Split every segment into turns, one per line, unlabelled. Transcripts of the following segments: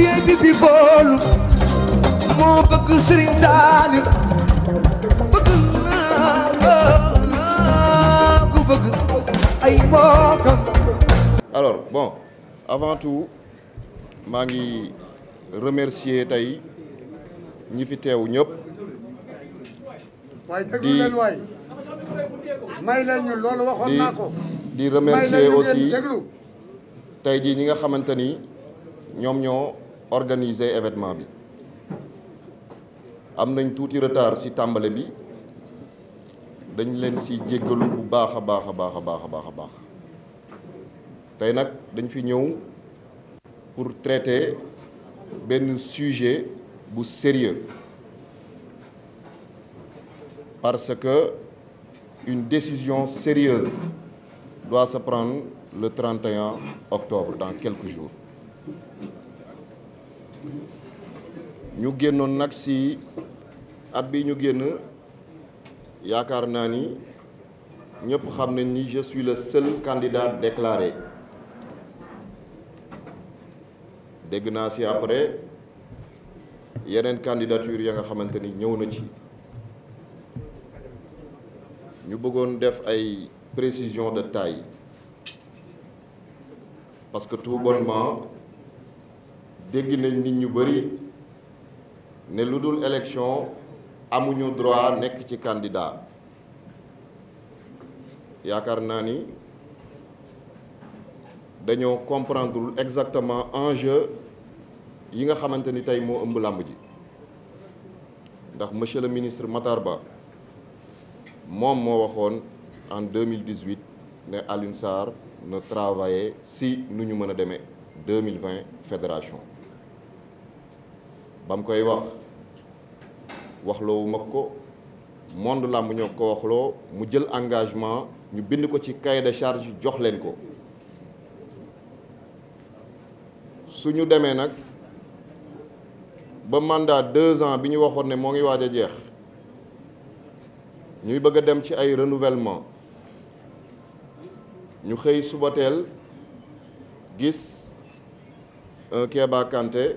vieux bibi boolu moo bëgg Serigne Saliou bëgg naa ko bëgg ay mbokkam alors bon avant tout ma ngi remercier tay ñi fi teew ñëp waay déglu leen waay may leen ñu loolu waxon nako di remercier aussi tay ji ñi nga xamante ñom ñoo organiser événement bi am tout le retard ci tambalé bi dañ leen ci bu baax pour traiter un sujet bu sérieux parce que une décision sérieuse doit se prendre le 31 octobre dans quelques jours ñu génnoon nag si at bi ñu génn yaakaar naa ni ñëpp xam nañ ni je suis le seul candidat déclaré dégg naa si après yeneen candidature ya nga xamante ni ñëw na ci ñu bëggoon def ay précision de taille parce que tout bonnement dégg nañ nit ñu bëri ne lu dul élection amuñu droit nekk ci candidat yaakaar naa ni dañoo comprendre exactement enjeu yi nga xamante ni tey moo ëmb làmb ji ndax monsieur le ministre matarba. moom moo en 2018 ne Alioune Sarr ne si nu ñu mën a 2020 fédération Bam koy wax waxloowu ma ko monde lamb ñoko waxlo mu jël engagement ñu bind ko ci cahier de charge jox len ko suñu démé nak ba mandat 2 ans bi ñu waxoon ne ngi waja jeex ñuy bëgg dem ci ay renouvellement ñu xey subotel gis un ba Kanté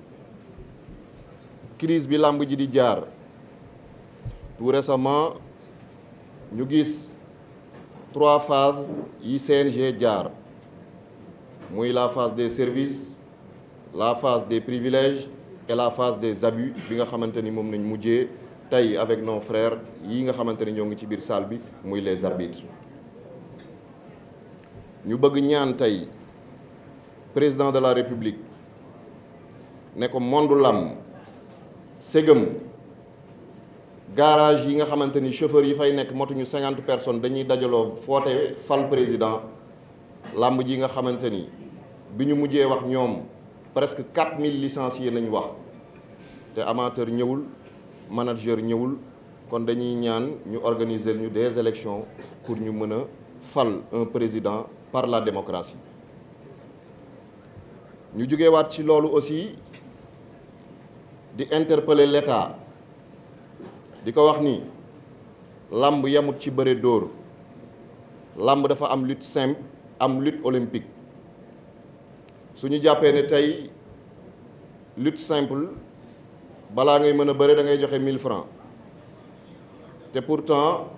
crise bi làmb ji di jaar tout récemment ñu gis trois phases yi CNG jaar muy la phase des services la phase des privilèges et la phase des abus bi nga xamanteni mom moom nañ avec nos frères yi nga xamanteni ni ñoo ngi ci bir salle bi muy les arbitres ñu bëgg ñaan tay président de la république ne ko monde lamb ségam garage yi nga xamante ni chauffeur yi fay nekk motuñu cinquante personnes dañuy dajaloo foote fal président làmb ji nga xamante ni bi ñu mujjee wax ñoom presque 4000 mille licenciés nañ wax te amateur ñëwul manager ñëwul kon dañuy ñaan ñu organiser ñu des élections pour ñu mën a fal un président par la démocratie ñu jógewaat ci loolu aussi di interpeller l'État di ko wax ni làmb yamut ci bëre dóor làmb dafa am lutte simple am lutte olympique su ñu jàppee ne tey lutte simple balaa ngay mën a bëre da ngay joxe mille francs te pourtant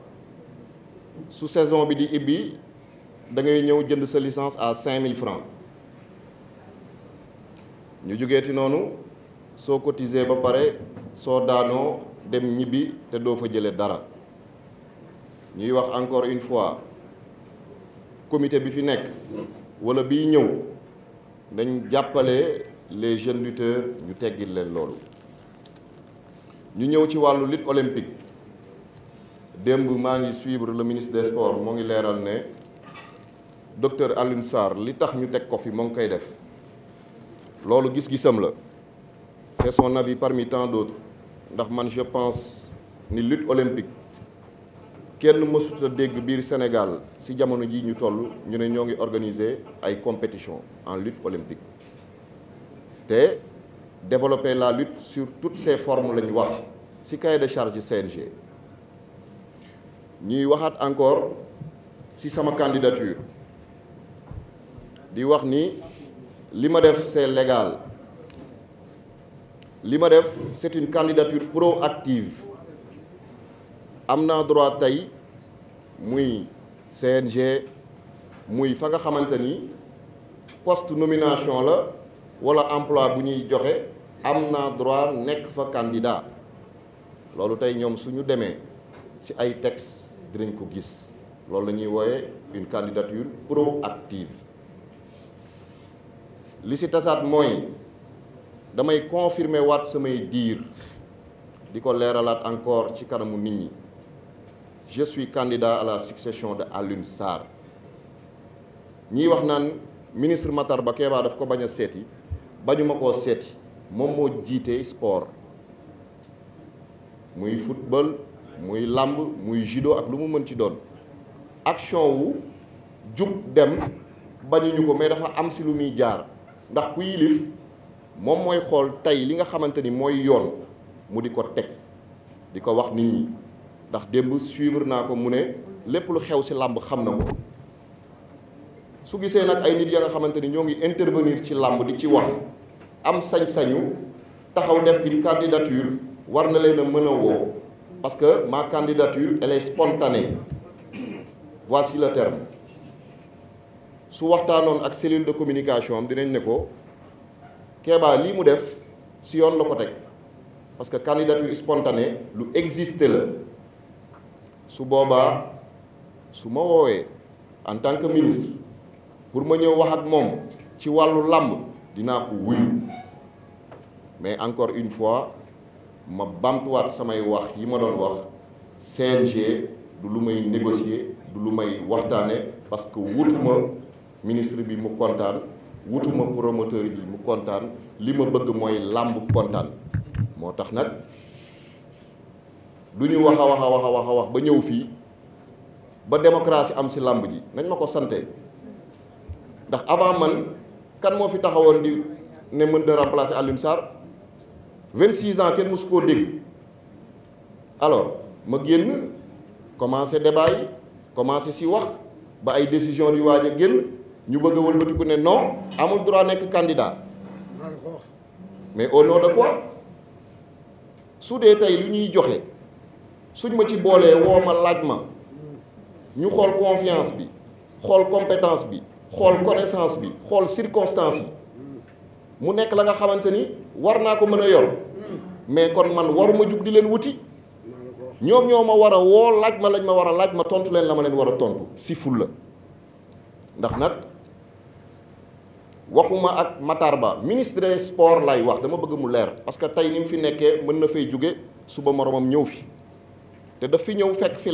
su saison bi di ibbi da ngay ñëw jënd sa licence à mille francs ñu jógeeti noonu. soo cotisé ba pare soo daanoo dem ñibbi te doo fa jëlee dara ñuy wax encore une fois comité bi fi nekk wala biy ñëw dañ jàppale les jeunes lutteurs ñu teggil leen loolu ñu ñëw ci wàllu lit olympique démb maa ngi suivre le ministre des sports moo ngi leeral ne docteur Alioune Sarr li tax ñu teg ko fi moo ngi koy def loolu gis-gisam la c'est son avis parmi tant d'autres je pense que la lutte olympique Quel est a dégg Sénégal Si nous ji ñu une compétition en lutte olympique De développer la lutte sur toutes ces formes la ñu wax ci cahier de charge CNG Nous avons encore ci ma candidature Nous avons ni que c'est légal li def c'est une candidature proactive Amna droit tey muy CNG muy fa nga xamante poste nomination la wala emploi bu ñuy Amna droit nek fa candidat loolu tey ñoom suñu ci ay texte dinañ ko gis la ñuy une candidature proactive li ci damay confirmer waat samay diir di ko leeralaat encore ci kanamu nit je suis candidat à la succession de Alioune Sar. ñiy wax ministre Matar Ba Keba daf ko bañ a seeti bañuma koo seeti moom moo sport muy football muy làmb muy judo ak lu mën ci action wu dem bañuñu ko mais dafa am si lu jaar ndax ku yilif mom moy xol tay li nga xamanteni moy yoon mu di ko teg di ko wax nit ñi ndax demb suivre nako mune lepp lu xew ci lamb xam na ko su gisee nak ay nit ya nga xamanteni ni ñoo ngi intervenir ci lamb di ci wax am sañ-sañu taxaw def une candidature war na leena a wo parce que ma candidature elle est spontanée voici le terme su non ak cellule de communication am dinañ ne ko. Kéba lii mu def si yoon la ko teg parce que candidature spontanée lu exister la su boobaa su ma woowee en tant que ministre pour ma ñëw wax ak moom ci wàllu làmb dinaa ko wuyu mais encore une fois ma bamtuwaat samay wax yi ma doon wax CNG du lu may négocier du lu may waxtaane parce que wutuma ministre bi mu kontaan wutuma promoteur bi mu kontaan li ma bëgg mooy làmb kontaan moo tax nag du ñu wax a wax a wax a ba ñëw fii ba démocratie am si làmb ji nañ ma ko sante ndax avant man kan moo fi taxawoon di ne mën de remplacer Alioune Sarr vingt six ans kenn mosu koo dégg alors ma génn commencé débat yi commencé si wax ba ay décision yu waaj génn Nous bëgg que ne non amul droit d'être candidat mais au nom de quoi su dee nous lu ci que ma confiance bi compétence bi que connaissance bi xool circonstance bi. mu dit la nga xamante dit que nous mais kon man waruma di leen wuti ñom ñoma wara war si fulla waxuma ak Matar Ba ministre wah, sports lay wax dama bëgg mu leer parce que tey ni mu fi nekkee mën na fay jóge suba moromam ñëw fi fi ñëw fekk fi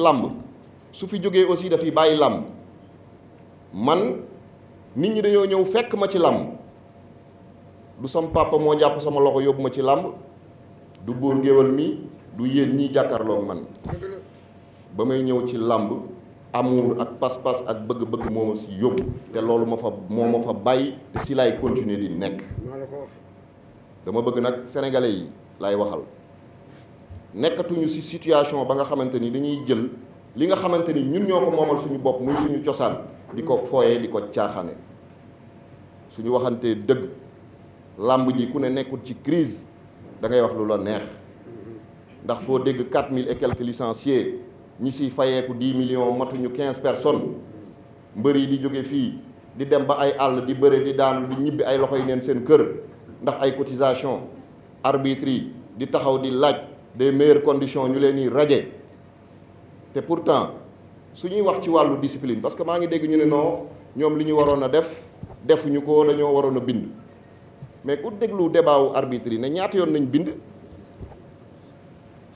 su fi aussi man nit ñi dañoo ñëw fekk ma ci du sam papa moo jàpp sama loxo yóbbu ma ci làmb du góor géwal mi du yéen ñii jàkkaarloog man ba ñëw ci amour ak pas-pas ak bëgg-bëgg moo si yóbbu te loolu ma fa moo ma fa bàyyi te si laay continuer di nekk dama bëgg nag sénégalais yi laay waxal nekkatuñu si situation ba nga xamante ni dañuy jël li nga xamante ni ñun ñoo ko moomal suñu bopp muy suñu cosaan di ko fooyee di ko caaxaane suñu waxantee dëgg làmb ji ku ne nekkul ci crise da ngay wax lu la neex ndax foo dégg mille et quelques licenciés ñi siy fayeeku 10 millions matuñu 15 personnes mbër yi di jóge fii di dem ba ay àll di bëre di daanu di ñibbi ay loxo yi neen seen kër ndax ay cotisation arbitre di taxaw di laaj des meilleures conditions ñu leen di raje te pourtant su ñuy wax ci wàllu discipline parce que maa ngi dégg ñu ne non ñoom li ñu waroon a def defuñu ko lañu waroon a bind mais ku déglu débat wu arbitre yi ne ñaata yoon nañu bind.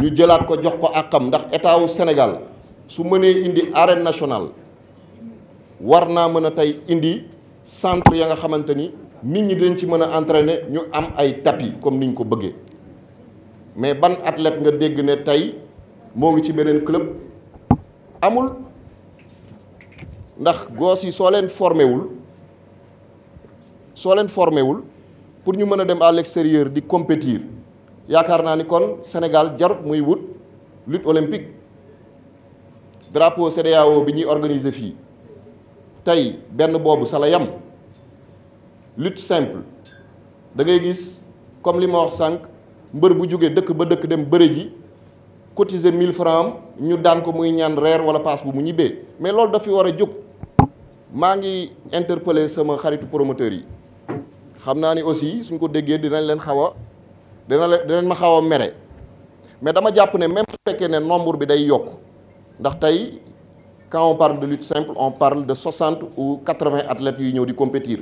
ñu jëlaat ko jox ko àqam ndax état Sénégal su indi arène nationale warna naa mën indi centre ya nga xamante ni nit ñi dañ ci mën entraîner ñu am ay tapis comme niñ ko bëggee mais ban athlète nga dégg ne tey moo ngi ci club amul ndax goos yi soo leen formé wul soo leen formé wul pour ñu dem à l'extérieur di compétir Ya naa ni kon Sénégal jarut muy wut lutte olympique drapeau CEDEAO bi ñuy organiser fii tey benn boobu sa la yam lutte simple da ngay gis comme li ma wax bu ba dem bëre ji cotiser 1000 francs ñu daan ko muy ñaan reer wala paas bu mu ñibbee mais loolu daf fi war a jóg maa ngi interpeller sama xaritu promoteur yi xam ni aussi suñ ko déggee dinañ leen dinañ ma xaw me mais dama jàpp ne même su fekkee nombre bi day yokk ndax quand on parle de lutte simple on parle de 60 ou 80 athlètes qui compétissent. compétir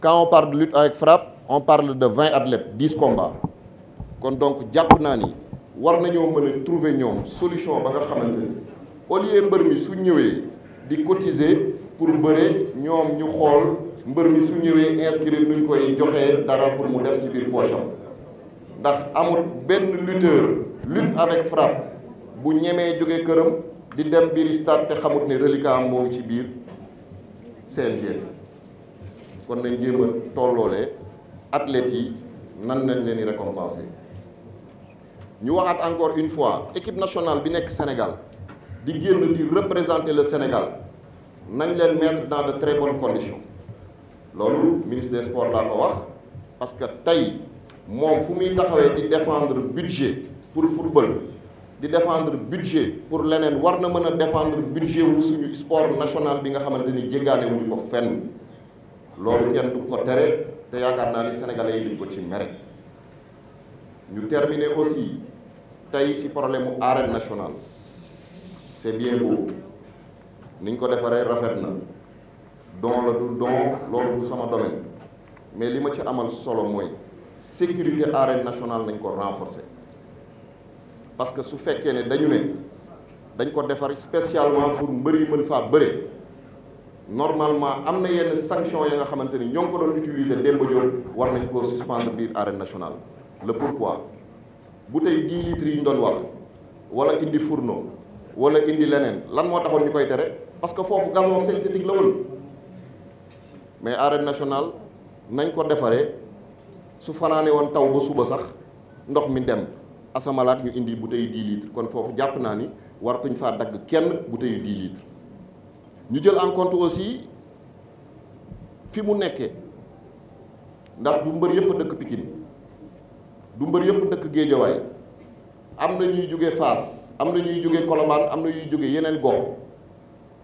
quand on parle de lutte avec frappe on parle de 20 athlètes 10 combats. kon donc jàpp me ni war nañoo mën trouver ñoom solution ba nga xamante ni au lieu mi su pour bëree ñoom ñu mbeur mi su ñëwé inscrire nuñ koy joxé dara pour mu def ci poche ndax lutteur lutte avec frappe bu ñëmé joggé kërëm di dem stade té xamut né reliquat ci yi encore une fois équipe nationale bi Sénégal di génn représenter le Sénégal nañ leen mettre dans de très bonnes conditions loolu ministre des sports laa ko wax parce que tey moom fu muy taxawee di défendre budget pour football di défendre budget pour leneen war na mën a défendre budget wu suñu sport national bi nga xamante ni jéggaane wuñu ko fenn loolu kenn du ko tere te yaakaar naa ni sénégalais yi duñ ko ci mere ñu terminer aussi tey si problème mu arène nationale c'est bien beau niñ ko defaree rafet na don la du don loolu sama domaine mais li ma ci amal solo mooy sécurité arène national nañ ko renforcer parce que su fekkee ne dañu ne dañ ko defar spécialement pour mbër yi mën faa bëre normalement am na yenn sanction ya nga xamante ni ñoo ngi ko doon utiliser Demba Diop war nañ koo suspendre biir arène national le pourquoi bouteille dix litres yi ñu doon wax wala indi fourneau wala indi leneen lan moo taxoon ñu koy tere parce que foofu gazon synthétique la woon mais arène nationale nañ ko defaree su fanaane woon taw ba suba sax ndox mi dem asamalaat ñu indi bouteille dix litres kon foofu jàpp naa ni waratuñ faa dagg kenn bouteille dix litres ñu jël en compte aussi fi mu nekkee ndax du mbër yëpp dëkk Pikine du mbër yëpp dëkk Géejawaay am na ñuy jóge Faas am ñuy jóge Colobane am ñuy jóge yeneen gox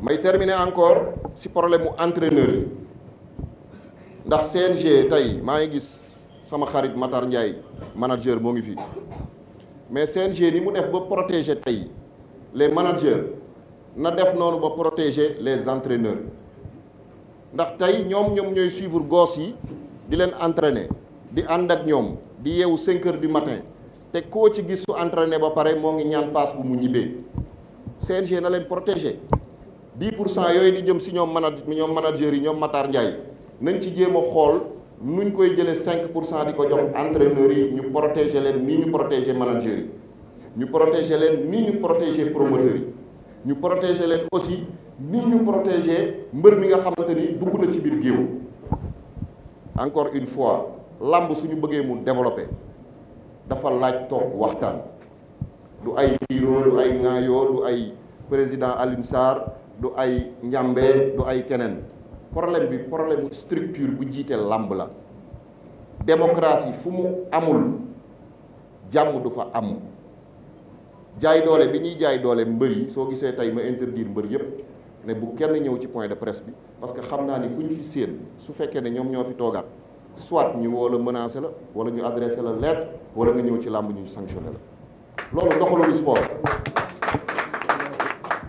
may terminer encore ci problème mu entraîneur yi ndax CNG tey maa ngi gis sama xarit Matar Ndiaye manager moo ngi fi mais CNG ni mu def ba protéger tey les managers na def noonu ba protéger les entraîneurs ndax tey ñoom ñoom ñooy suivre gos yi di leen entraîner di ànd ak ñoom di yeewu 5 heures du matin te koo ci gis su entraîner ba pare moo ngi ñaan paas bu mu ñibbee CNG na leen protéger. 10 pour cent yooyu di jëm si ñoom manag ñoom manager yi ñoom Matar Ndiaye nañ ci jéem a xool nuñ koy jëlee 5 pour cent di ko jox entraîneurs yi ñu protéger leen nii ñu protéger manager yi ñu protéger leen nii ñu protéger promoteurs yi ñu protéger leen aussi nii ñu protéger mbër mi nga xamante ni dugg na ci biir géew encore une fois làmb suñu bëggee mu développer dafa laaj toog waxtaan du ay xiiroo du ay ŋaayoo du ay président Alioune Sarr du ay njàmbee du ay keneen problème bi problème structure bu jiite làmb la démocratie fu mu amul jàmm du fa am jaay doole bi ñuy jaay doole mbër yi soo gisee tey ma interdire mbër yépp ne bu kenn ñëw ci point de presse bi parce que xam naa ni ku ñu fi séen su fekkee ne ñoom ñoo fi toogaat soit ñu woo la menacé la wala ñu adressé la lettre wala nga ñëw ci làmb ñu sanctionné la loolu doxalul sport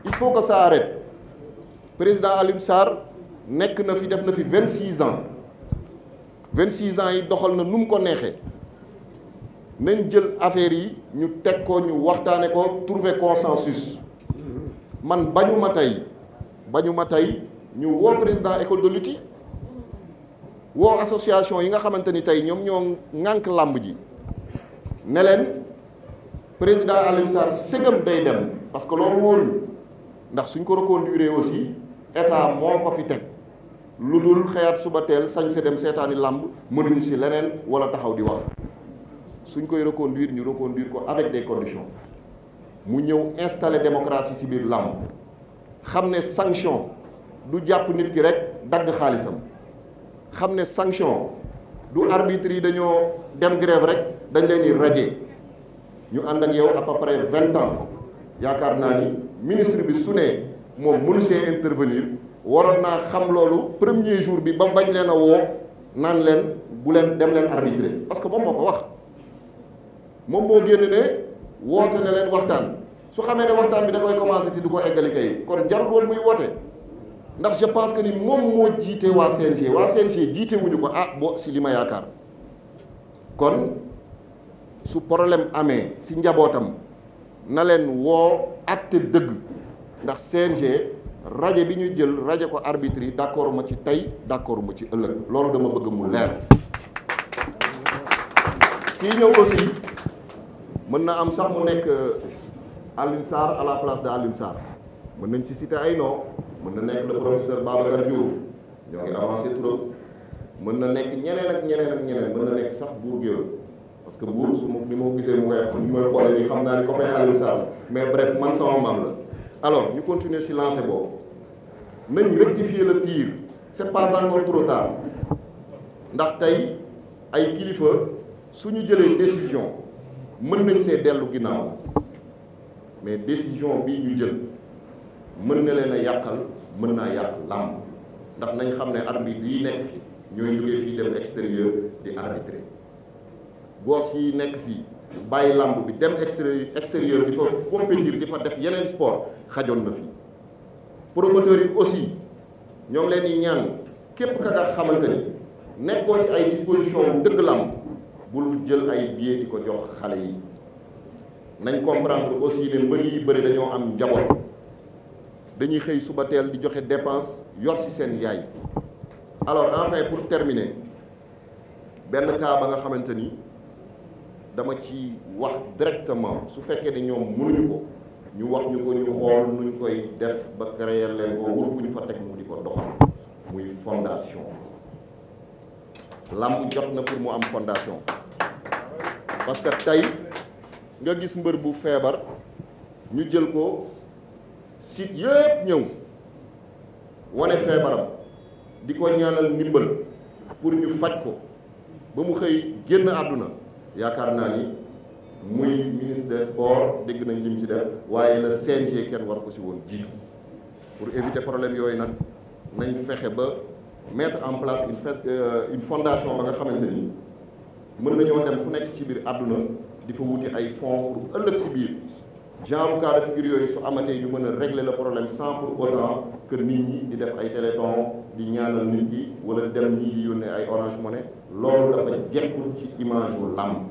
il faut que sa arrête président Alim Sar nek na fi def na fi vingt six ans vingt six ans yi doxal na num ko nexé nañ jël affaire yi ñu teg ko ñu waxtaane ko trouver consensus man bañuma tay bañuma tay nous ñu wo président école de lutte wo association yi nga xamante tay ñom ñoo ŋànk ji ne président Alim Sar, sëgam day dem parce que loolu wóorul ndax suñ ko reconduire aussi état moo ko fi teg lu dul suba teel sañ se dem seetaani làmb mënuñu si leneen wala taxaw di wax suñ koy reconduire ñu reconduire ko avec des conditions mu ñëw installer démocratie si biir làmb xam ne sanction du jàpp nit ki rek dagg xaalisam xam sanction du arbitre yi dem grève rek dañ leen di radier ñu ànd ak yow à peu près vingt ans yaakaar naa ni ministre bi su ne moom mënu see intervenir waroon naa xam loolu premier jour bi ba bañ leen a woo naan leen bu leen dem leen arbitrer parce que moom moo ko wax moom moo génn ne woote na leen waxtaan su xamee ne waxtaan bi da koy commencé te du ko eggali kay kon jarul woon muy woote ndax je pense que ni moom moo jiite waa CNG waa CNG jiite wuñu ko ah bo si li ma yaakaar kon su problème amee si njabootam na leen woo àtte dëgg. ndax CNG rajo bi ñu jël rajo ko arbitre yi d' accord ma ci tey d' accord ma ci ëllëg loolu dama bëgg mu leer kii ñëw aussi mën na am sax mu nekk euh, Alioune Sarr à la place de Alioune Sarr mën nañ ci citer ay nom mën na nekk le professeur Babacar Diouf ñoo ngi avancé turam mën na nekk ñeneen ak ñeneen ak ñeneen mën na nekk sax buur géwél parce que buur su ma ni ma ko gisee mu koy ni may xoolee nii xam naa ni copain Alioune Sarr mais bref man sama mam la alors nous continuons le silence. Mais rectifions rectifier le tir n'est pas encore trop tard ndax tey si nous suñu une décision nous nañ faire mais décision bii ñu jël nous a faire des nous arbitre Nous extérieur di arbitrer extérieur compétir sport xajoon na fi promoteurs yi aussi ñoo ngi leen di ñaan képp ka nga xamante ni nekkoo ci ay disposition dëgg làmb bul jël ay billets di ko jox xale yi nañ comprendre aussi ne mbër yi bëri dañoo am njaboot dañuy xëy suba teel di joxe dépense yor ci seen yaay alors enfin pour terminer benn cas ba nga xamante ni dama ci wax directement su fekkee ne ñoom mënuñu ko ñu wax ñu ko ñu xool ñu koy def ba créer leen ko wur fu ñu fa teg mu di ko doxal muy fondation làmb jot na pour mu am fondation parce que tey nga gis mbër bu feebar ñu jël ko site yëpp ñëw
wane feebaram
di ko ñaanal ndimbal pour ñu faj ko ba mu xëy génn àdduna yaakaar naa ni muy ministre des sports dégg nañ lim ci si def waaye la CNG kenn war ko si woon jiitu pour éviter problème yooyu nag nañ fexe ba mettre en place une fête euh, une fondation ba nga xamante ni mën nañoo dem fu nekk ci biir àdduna di fa wuti ay fonds pour ëllëg si biir genre cas de figure yooyu su amatee ñu mën a régler le problème sans pour autant que nit ñi di def ay téléthon di ñaanal nit ñi wala dem ñii di yónnee ay Orange Money loolu dafa jekkul ci image lamb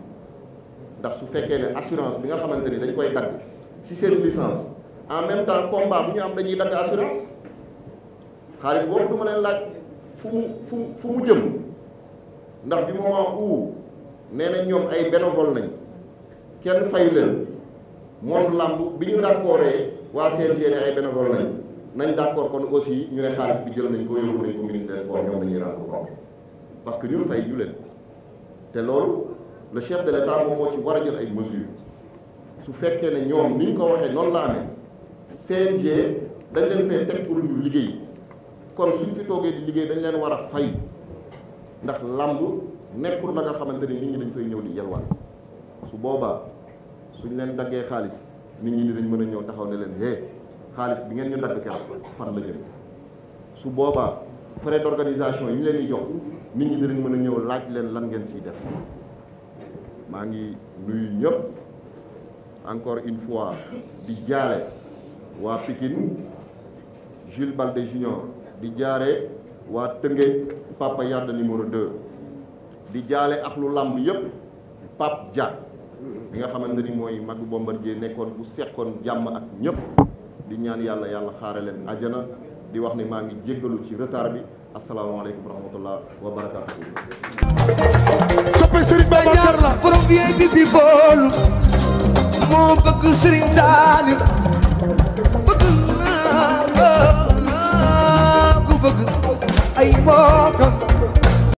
ndax su fekkee ne assurance bi nga xamante ni dañ koy dagg si seen licence en même temps combat bu ñu am dañuy dagg assurance xaalis boobu du leen laaj fu mu fu mu fu mu jëm ndax bi moment où nee na ñoom ay bénévole nañ kenn fayu leen moom làmb bi ñu d'accordee waa CNG ne ay bénévole nañ nañ d'accord kon aussi ñu ne xaalis bi jël nañ ko yóbbu nañ ko ministre des sports ñoom nañuy rendre compte parce que ñun fay ñu leen te loolu le chef de l'État moom ci war a jël ay mesures su fekkee ne ñoom ni ko waxee noonu la CNG dañ leen fee teg pour ñu liggéey kon suñ fi toogee di liggéey dañ leen war fay ndax nekkul la nga xamante nit ñi dañ fay ñëw di su boobaa suñ leen nit ñi ni dañ mën ñëw taxaw ne leen hé xaalis bi ngeen ñu dagg fan la jëm su boobaa frais leen jox nit ñi maa ngi nuyu ñëpp encore une fois di jaare waa Pikine Jules Baldé Junior di jaare waa Tëngéej Papa Yade numéro 2 di jaale ak lu làmb yëpp Pape Dia bi nga xamante ni mooy magu Bombardier nekkoon bu seqoon jàmm ak ñëpp di ñaan yàlla yàlla xaare leen àjjana di wax ni maa ngi jéggalu ci retard bi asalaamaaleykum wa rahmatullah wa barakatuh soppe Serigne Babacar la borom VIP bi boolu moo bëgg Serigne Saliou bëgg naa ko bëgg ay mbokkam